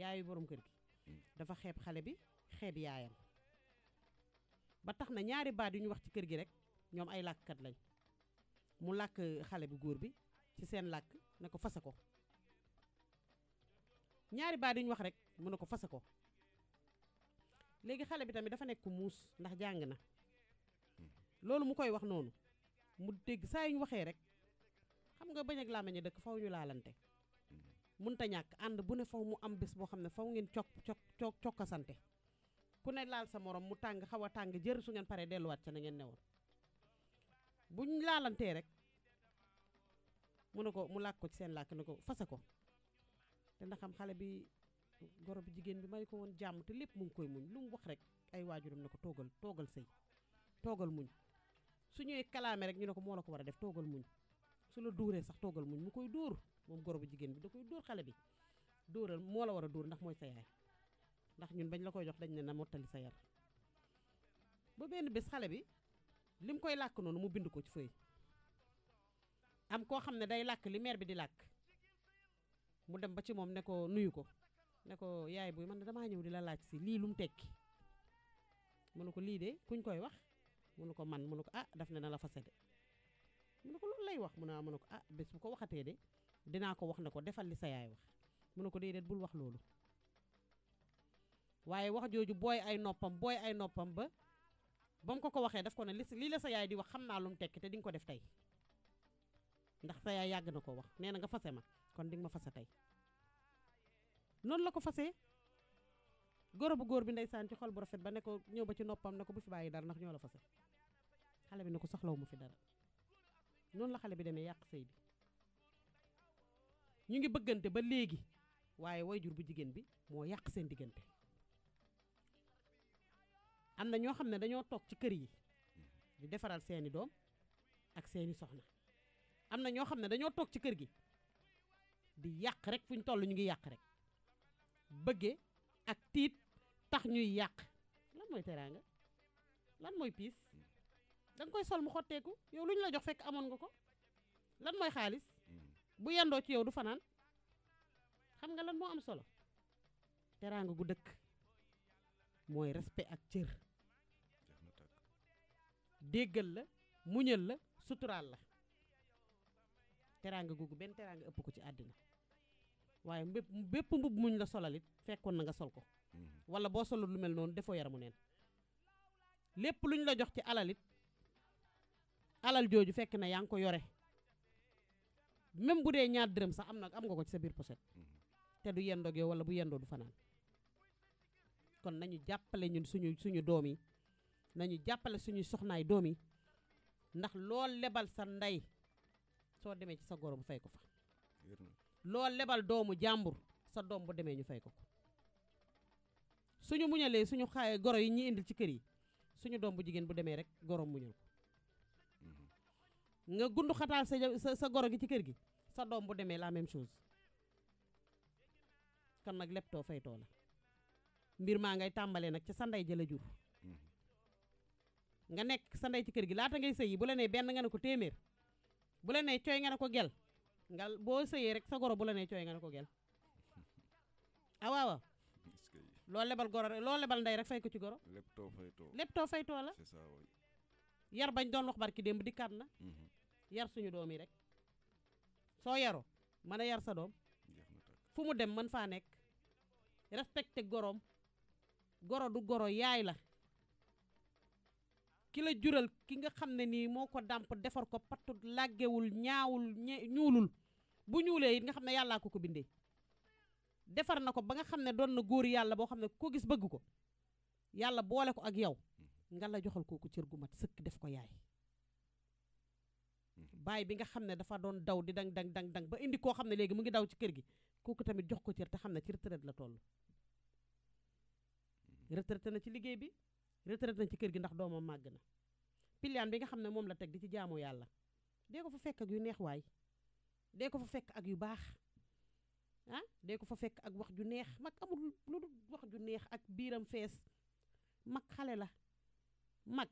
yaayu boroom kër gi hmm. dafa xeeb xale bi xeeb yaayam ba tax na ñaari baat yu ñu wax ci kër gi rek ñoom ay làkkat lañ mu làkk xale bu góor bi ci seen làkk ne ko fase ko ñaari baat yu ñu wax rek mu ne ko fase ko léegi xale bi tamit dafa nekk muus ndax jàng na loolu mu koy wax noonu mu dégg saa yu ñu waxee rek xam nga bañ ak làmmiñ dëkk faw ñu laalante te ñàkk ànd bu ne faw mu am bés boo xam ne faw ngeen cok cok cokkasante ku ne laal sa moroom mu tàng xaw a tàng jër su ngeen paree delluwaat ca na ngeen newoon buñ laalantee rek mu ne ko mu làkk ko ci seen làkk ne ko fase ko te ndax xam xale bi goro bi jigéen bi may ko woon jàmm te lépp mu ngi koy muñ lu mu wax rek ay waajuram ne ko toogal toogal sëy toogal muñ su ñëwee kalaame rek ñu ne ko moo la ko war a def toogal muñ su la dóoree sax toogal muñ mu koy dóor moom goro bu jigéen bi da koy dóor xale bi dóoral moo la war a dóor ndax mooy sa yaay ndax ñun bañ la koy jox dañ ne na mottali sa yar ba benn bés xale bi lim koy làkk noonu mu bind ko ci fëy am koo xam ne day làkk li mère bi di làkk mu dem ba ci moom ne ko nuyu ko ne ko yaay buy man damaa ñëw di la laaj si lii lu mu tekki mu ne ko lii de kuñ koy wax mu ne ko man mu ne ko ah daf ne na la fase de mu ne ko loolu lay wax mu ne ko ah bés bu ko waxatee de dinaa ko wax ne ko defal li sa yaay wax mu ne ko déedéet bul wax loolu waaye wax jooju booy ay noppam booy ay noppam ba bam ko ko waxee daf ko ne lii la sa yaay di wax xam naa lu mu tekki te di nga ko def tey ndax sa yaay yàgg na ko wax nee na nga fase ma kon di ma fase tey noonu la ko fasee goro bu góor bi ndeysaan ci xol bu rafet ba ne ko ñëw ba ci noppam ne ko bu fi bàyyi dara ndax ñoo la fase xale bi ne ko soxlawu ma fi dara noonu la xale bi demee yàq sëy bi ñu ngi bëggante ba léegi waaye wayjur bu jigéen bi moo yàq seen diggante am na ñoo xam ne dañoo toog ci kër yi di defaral seeni doom ak seeni soxna am na ñoo xam ne dañoo toog ci kër gi di yàq rek fu ñu toll ñu ngi yàq rek bëggee ak tiit tax ñuy yàq lan mooy teraanga lan mooy piis da koy sol mu xotteeku yow luñ la jox fekk amoon nga ko lan mooy xaalis hmm. bu yendoo ci yow du fanaan xam nga lan moo am solo teraanga gu dëkk mooy respect ak cër déggal la muñal la sutural la teranga gugu ben teranga ëpp ko ci àddina waaye bépp bépp mbub muñ la solalit fekkoon na nga sol ko hmm. wala boo solul lu mel noonu defoo yaramu neen lépp luñ la jox ci alalit alal jooju fekk na yaa ngi ko yore même bu dee ñaar dërëm sax am na am nga ko ci sa biir poset mm-hmm. te du yendoog yow wala bu yendoo du fanaan kon nañu jàppale suñu suñu doom yi nañu jàppale suñu soxnaay doom yi ndax lool lebal sa ndey soo demee ci sa goro mu fay ko fa loo lebal doomu jàmbur sa doom bu demee ñu fay ko ko suñu muñalee suñu xaay goro yi ñi indil ci kër yi suñu doom bu jigéen bu demee rek goro muñal ko nga gund xataal sa sa goro gi ci kër gi sa doom bu demee la même chose kon nag lépp too faytoo mbir maa ngay tàmbalee nag ca sa ndey jëla jur mm-hmm. nga nekk sa ndey ci kër gi laata ngay sëy yi bu la nee benn nga ne ko téeméer bu la nee cooy nga ne ko gel nga boo sëyee rek sa goro bu la nee cooy nga ne ko gel ah waaw lebal goro rek loolu lebal ndey rek fay ko ci goro lépp too faytoo lépp too faytoo la c'est yar bañ doon wax barki démb dikkaat na. Mhm. yar suñu doom yi rek soo yaroo mën a yar sa doom. fu mu dem mën faa nekk respecté goroom goro du goro yaay la ki la jural ki nga xam ne nii moo ko dàmp defar ko pattu làggewul ñaawul ñuulul bu ñuulee it nga xam ne yàllaa ko ko bindee defar na ko ba nga xam ne doon na góor yàlla boo xam ne ko gis bëgg ko yàlla boole ko ak yow nga la joxal kooku cër gu mat sëkk def ko yaay mhm. baay bi nga xam ne dafa doon daw di dang dang dang dang ba indi koo xam ne léegi mu ngi daw ci kër gi kooku tamit jox ko cër te xam ne ci retraite la toll mhm. retraité na ci liggéey bi retraité na ci kër gi ndax doomam màgg na pilyaan bi nga xam ne moom la teg di ci jaamu yàlla dee ko fa fekk ak yu neex waay dee ko fa fekk ak yu baax ah dee ko fa fekk ak wax ju neex mag amul lu dul wax ju neex ak biiram fees mag xale la mag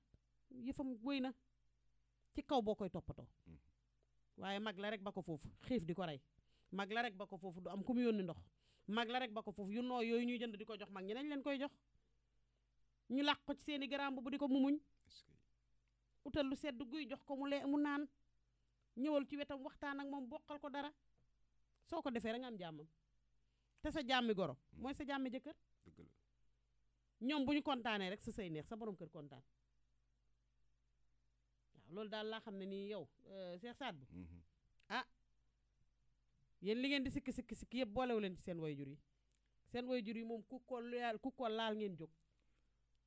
yëfam wéy na ci kaw boo koy toppatoo mm. waaye mag la rek ba ko foofu xiif di ko rey mag la rek ba ko foofu du am ku mu yónni ndox mag la rek ba ko foofu yu noo yooyu ñuy jënd di ko jox mag ñi dañ leen koy jox ñu làq ko ci seeni garaam bu di ko mumuñ utal lu sedd guy jox ko mu lee mu naan ñëwal ci wetam waxtaan ak moom bokkal ko dara soo ko defee rek nga am jàmmam te sa jàmmi goro mm. mooy sa jàmmi jëkkër ñoom bu ñu kontaanee rek sa say neex sa borom kër kontaan loolu daal laa xam ne nii yow euh, Cheikh saat bu mm-hmm. ah yéen li ngeen di sikki sikki sikki yëpp boolewu leen ci seen way jur yi seen way jur yi moom ku ko laal ku ko laal ngeen jóg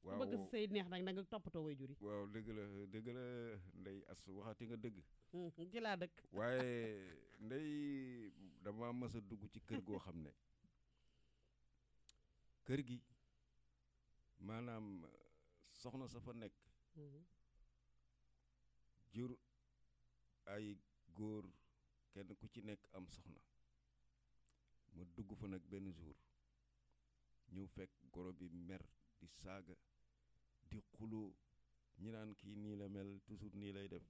waaw bëgg say neex nag nga toppatoo way jur yi waaw dëgg la dëgg la ndey as waxati nga dëgg mm-hmm, ci laa dëkk waaye ndey dama mës a dugg ci kër goo xam ne kër gi maanaam soxna sa fa nekk mm-hmm. jur ay góor kenn ku ci nekk am soxna ma dugg fa nag benn jour ñëw fekk goro bi mer di saaga di xuloo ñi naan kii nii la mel toujours nii lay def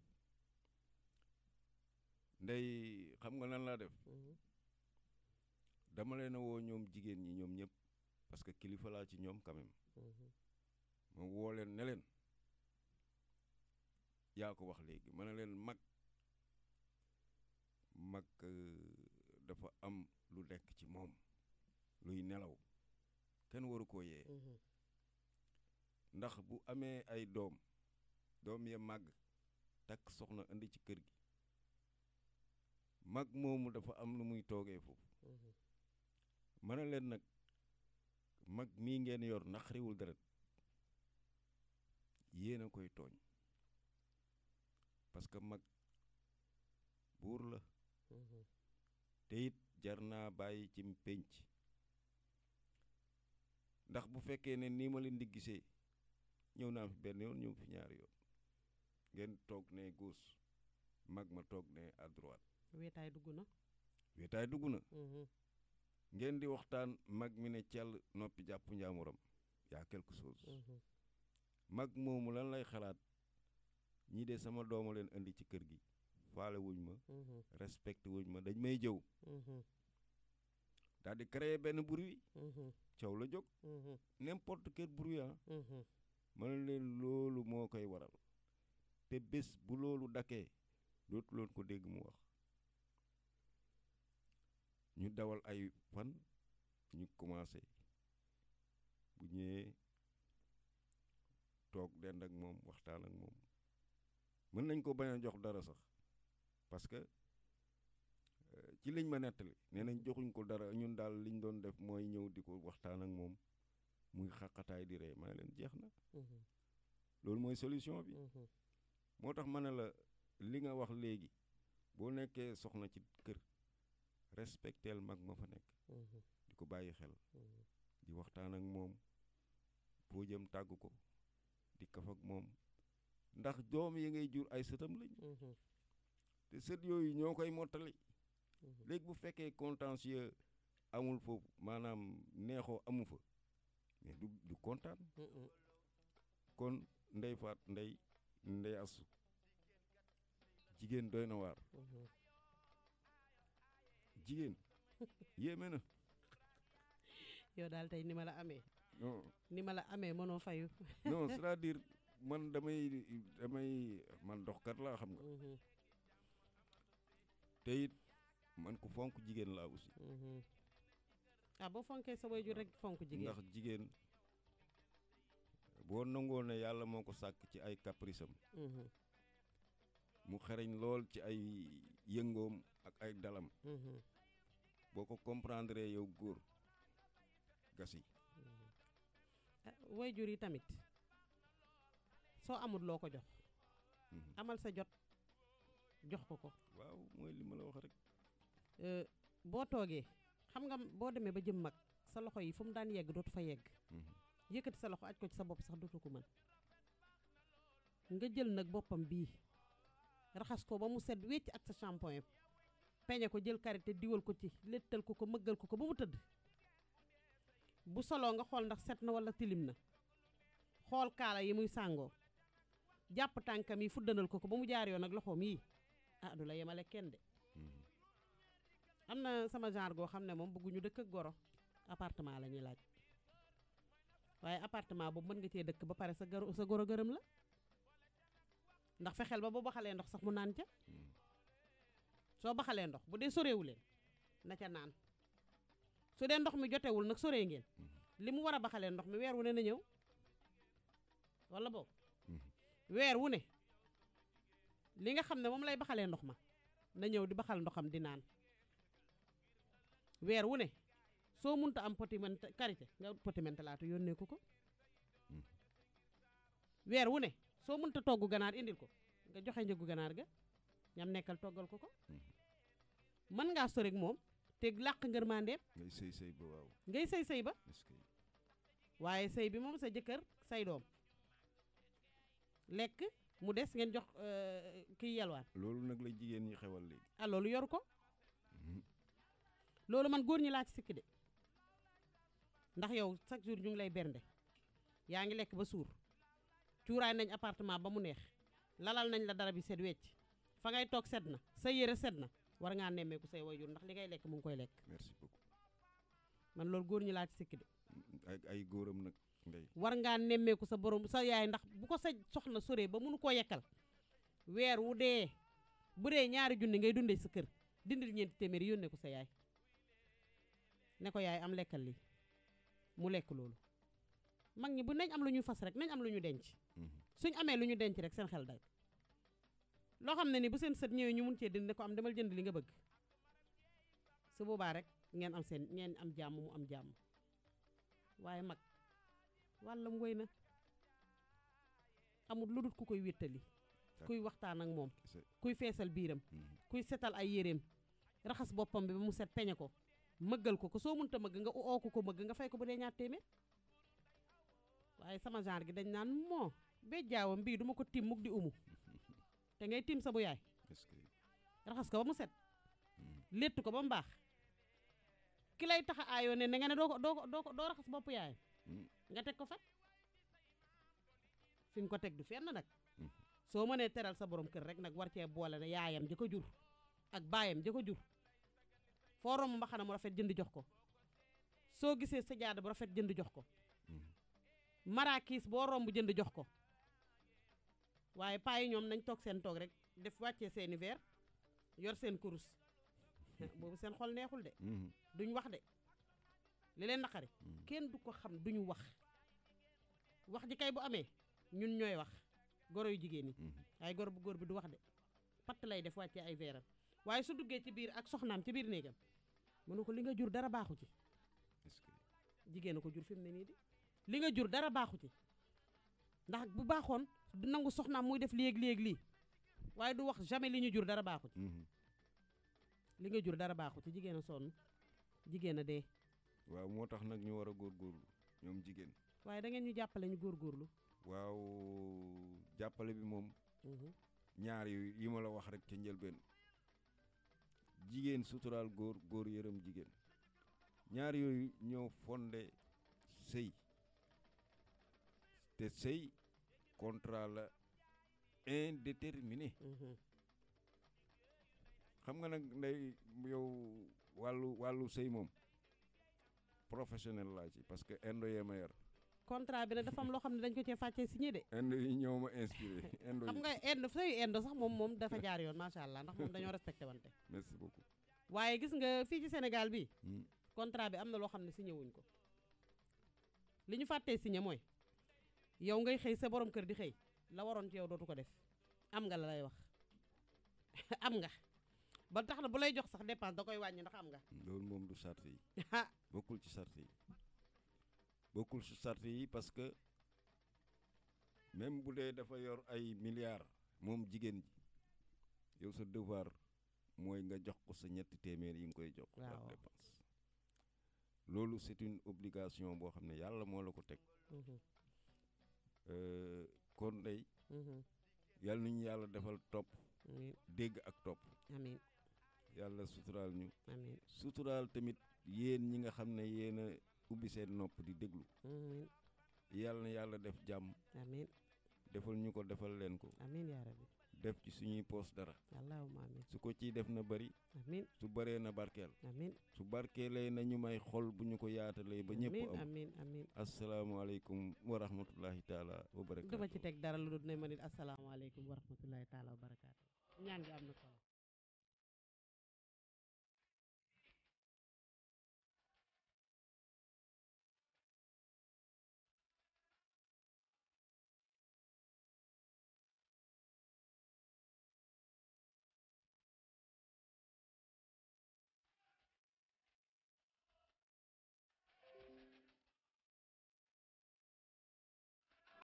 ndey xam nga lan laa def mhm. dama leen a woo ñoom jigéen ñi ñoom ñëpp parce que kilifa laa ci ñoom quand mhm. ma woo leen ne yaa ko wax léegi ma ne leen mag mag euh, dafa am lu lekk ci moom luy nelaw kenn waru koo yee mhm. ndax bu amee ay doom doom ya màgg takk soxna indi ci kër gi mag moomu dafa am lu muy toogee foofu mhm. ma leen nag mag mii ngeen yor naqariwul deret yéen a koy tooñ pas que mag buur la te mhm. it jar naa ci ndax bu fekke ne ni ma leen di gisee ñew naa fi benn yoon ñew fi ñaar yoon ngeen toog ne gauche mag ma toog ne à droite wetaay dugg na wetaay dugg na mhm. ngeen di waxtaan mag mi ne cell noppi jàpp njaamuram yaa quelque chose mhm. mag moomu lan lay xalaat ñii de sama dooma leen indi ci kër gi faale wuñ ma mhm. respecté wuñ ma dañ may jëw mhm. daldi di benn bruit mhm. coow la jóg n'importe quel bruit ah ma ne leen loolu moo koy waral te bés bu loolu dakkee dootu loon ko dégg mu wax ñu dawal ay fan ñu commencé bu ñëwee toog dend ak moom waxtaan ak moom mën nañ ko bañ a jox dara sax parce que euh, ci liñ ma nettali nee nañ joxuñ ko dara ñun daal liñ doon def mooy ñëw di ko waxtaan ak moom muy xaqataay di rey ma leen jeex na mhm. loolu mooy solution bi mhm. moo tax ma ne la li nga wax léegi boo nekkee soxna ci kër respectel mag ma fa nekk mhm. di ko bàyyi xel di waxtaan ak moom boo jëm tàgg ko di kaf ak moom ndax doom yi ngay jur ay sëtam lañ mhm. te sët yooyu ñoo koy mottali mhm. léegi bu fekkee contentieux amul foofu maanaam neexoo amu fa mais du du kontaan mhm. kon ndey faat ndey ndey asu jigéen doy na waar jigéen yéeme na yow daal tey ni ma la amee non ni ma la amee mënoo fayu non cest man damay damay man doxkat laa xam nga. Mm-hmm. te man ko fonk jigéen laa aussi. Mm-hmm. ah boo fonkee sa waajur rek fonk jigéen ndax jigéen boo nangoo ne yàlla moo ko sàkk ci ay caprice mm-hmm. mu xereñ lool ci ay yëngoom ak ay dalam. boo ko comprendre yow góor gasi. Ah, waajur yi tamit. soo amul loo ko jox mhm. amal sa jot jox ko ko li ma la wax rek euh, boo toogee xam nga boo demee ba jëm mag sa loxo yi fu mu daan yegg dootu fa yegg mhm. yëkkati sa loxo aj ko ci sa bopp sax dootu ko mën nga jël nag boppam bii raxas ko ba mu set wecc ak sa shampoing peñe ko jël karité diwal ko ci léttal ko ko mëggal ko ko ba mu tëdd bu soloo nga xool ndax set na walla tilim na xool kaala yi muy sàngoo jàpp tànkam yi fuddanal ko ko ba mu jaar yoon ak loxoom yii ah du la yemale kenn de. Hmm. am na sama genre goo xam ne moom bëgguñu dëkk ak goro appartement la ñuy laaj waaye apartement boobu mën nga cee dëkk ba pare sa goro sa goro gërëm la ndax fexeel ba boo baxalee ndox sax mu naan ca hmm. soo baxalee ndox bu dee soreewu leen na ca naan su dee ndox mi jotewul nag soree ngeen hmm. li mu war a baxalee ndox mi weer wu ne na ñëw wala boobu weer wu ne li nga xam ne moom lay baxalee ndox ma na ñëw di baxal ndoxam di naan weer wu ne soo munta am poti karité nga poti mentalaatu yónnee ko ko hmm. weer wu ne soo munta togg ganaar indil ko nga joxe njëgu ganaar ga ñam nekkal toggal ko ko hmm. mën ngaa soreg moom te làq ngërmandeem ngay sëy ba waaw ngay sëy sëy ba waaye sëy bi moom sa jëkkër say doom lekk mu des ngeen jox euh, kiy yalwaan. loolu nag la jigéen ñi xewal léegi. ah loolu yoru ko. Mm-hmm. loolu man góor ñi laa ci sikki de ndax yow chaque jour ñu ngi lay bernde yaa ngi lekk ba suur cuuraay nañ appartement ba mu neex lalal nañ la dara bi set wecc fa ngay toog set na sa yére set na war ngaa nemmeeku say wayjur ndax li ngay lekk mu ngi koy lekk. merci beaucoup. man loolu góor ñi laa ci sikki de. ay ay góoram nag. war ngaa nemmeeku sa borom sa yaay ndax bu ko sa soxna soree ba munu koo yekkal weer wu dee bu dee ñaari junni ngay dundee sa kër dindil ñeenti téeméeri yónnee ko sa yaay ne ko yaay am lekkal li mu lekk loolu mag ñi bu nañ am lu ñuy fas rek nañ am lu ñu denc mhm. suñ amee lu ñu denc rek seen xel dal loo xam ne ni bu seen sët ñëwee ñu mun cee dindi ne ko am demal jënd li nga bëgg su boobaa rek ngeen am seen ngeen am jàmm mu am jàmm waaye mag wàllam woy na amul lu dul ku koy wéttali kuy waxtaan ak moom kuy feesal biiram mm-hmm. kuy setal ay yéreem raxas boppam bi ba mu set peñe ko mëggal ko ko soo mënta mëgg nga oo ko ko mëgg nga fay ko bu dee ñaar téeméer waaye sama genre gi dañ naan moo bee jaawam bii duma ko tiim mukk di umu te ngay tiim sa bu yaay raxas ko ba mu set mm. létt ko ba mu baax ki lay tax a aayoo ne nga ne doo ko doo ko doo raxas bopp yaay nga teg ko fan fi nga ko teg du fenn nag mhm. soo mënee teral sa borom kër rek nag war cee boole na yaayam di ko jur ak baayam di ko jur foo romb mbaxana mu rafet jënd jox ko soo gisee sa jaada bu rafet jënd jox ko mhm. maraakiis boo romb jënd jox ko waaye paa yi ñoom nañ toog seen toog rek def wàccee seeni verre yor seen kurus boobu seen xol neexul de mhm. duñ wax de li leen naqari mm. kenn du ko xam duñu wax wax ji kay bu amee ñun ñooy wax goro yu jigéen ñi mm-hmm. waaye goro bu góor bi du wax de patt lay def wàccee ay veeram waaye su duggee ci biir ak soxnaam ci biir néegam mu ne ko li nga jur dara baaxu ci jigéen ko jur fi ne nii li nga jur dara baaxu ci ndax bu baaxoon du nangu soxnaam muy def léeg-léeg lii waaye du wax jamais li ñu jur dara baaxu ci mm-hmm. li nga jur dara baaxu ci jigéen a sonn jigéen dee waaw moo tax nag ñu war a góor góorgóorlu ñoom jigéen. waaye dangeen ngeen ñu jàppale ñu góorgóorlu. waaw jàppale bi moom. Mhm. ñaar yu yi ma la wax rek ca njëlbeen. jigéen suturaal góor góor yërëm jigéen ñaar yooyu ñoo fonde sëy te sëy contrat la indéterminé. Mhm. xam nga nag nday yow wàllu wàllu sëy moom. professionnel laa ci parce que indo yee ma yar. contrat bi nag dafa am loo xam ne dañ ko cee fàccee signé de. indo yi ñoo ma inspiré. indo yi xam nga indo sooy indo sax moom moom dafa jaar yoon macha allah ndax moom dañoo respecté wante. merci beaucoup. waaye gis nga fii ci senegal bi hmm. contrat bi am na loo xam ne signé wuñ ko. li ñu fàttee siñe mooy yow ngay xëy sa borom kër di xëy la waroon ci yow dootu ko def am nga la lay wax am nga. ba tax na bu lay jox sax dépense da koy wàññi ndax am nga. loolu moom du sart ah. yi. bokkul ci sart yi bokkul ci sart yi parce que même bu dee dafa yor ay milliards moom jigéen ji yow sa devoir mooy nga jox ko sa ñetti téeméer yi nga koy jox. waaw dépense loolu c'est une obligation boo xam ne yàlla moo la ko teg. Mhm. Euh, kon day. Mhm. yàlla nañu yàlla defal topp. dégg ak topp. amin yàlla suturaal ñu amiin suturaal tamit yéen ñi nga xam ne yéen a ubbi seen nopp di déglu yàlla na yàlla def jàmm amiin defal ñu ko defal leen ko amiin def ci suñuy poos dara allahumma su ko ci def na bëri amiin su bëree na barkeel amiin su barkeelee na may xol bu ñu ko yaatalee ba ñëpp am amiin amiin asalaamaaleykum wa rahmatullahi taala wa barakaatu dama ci teg dara lu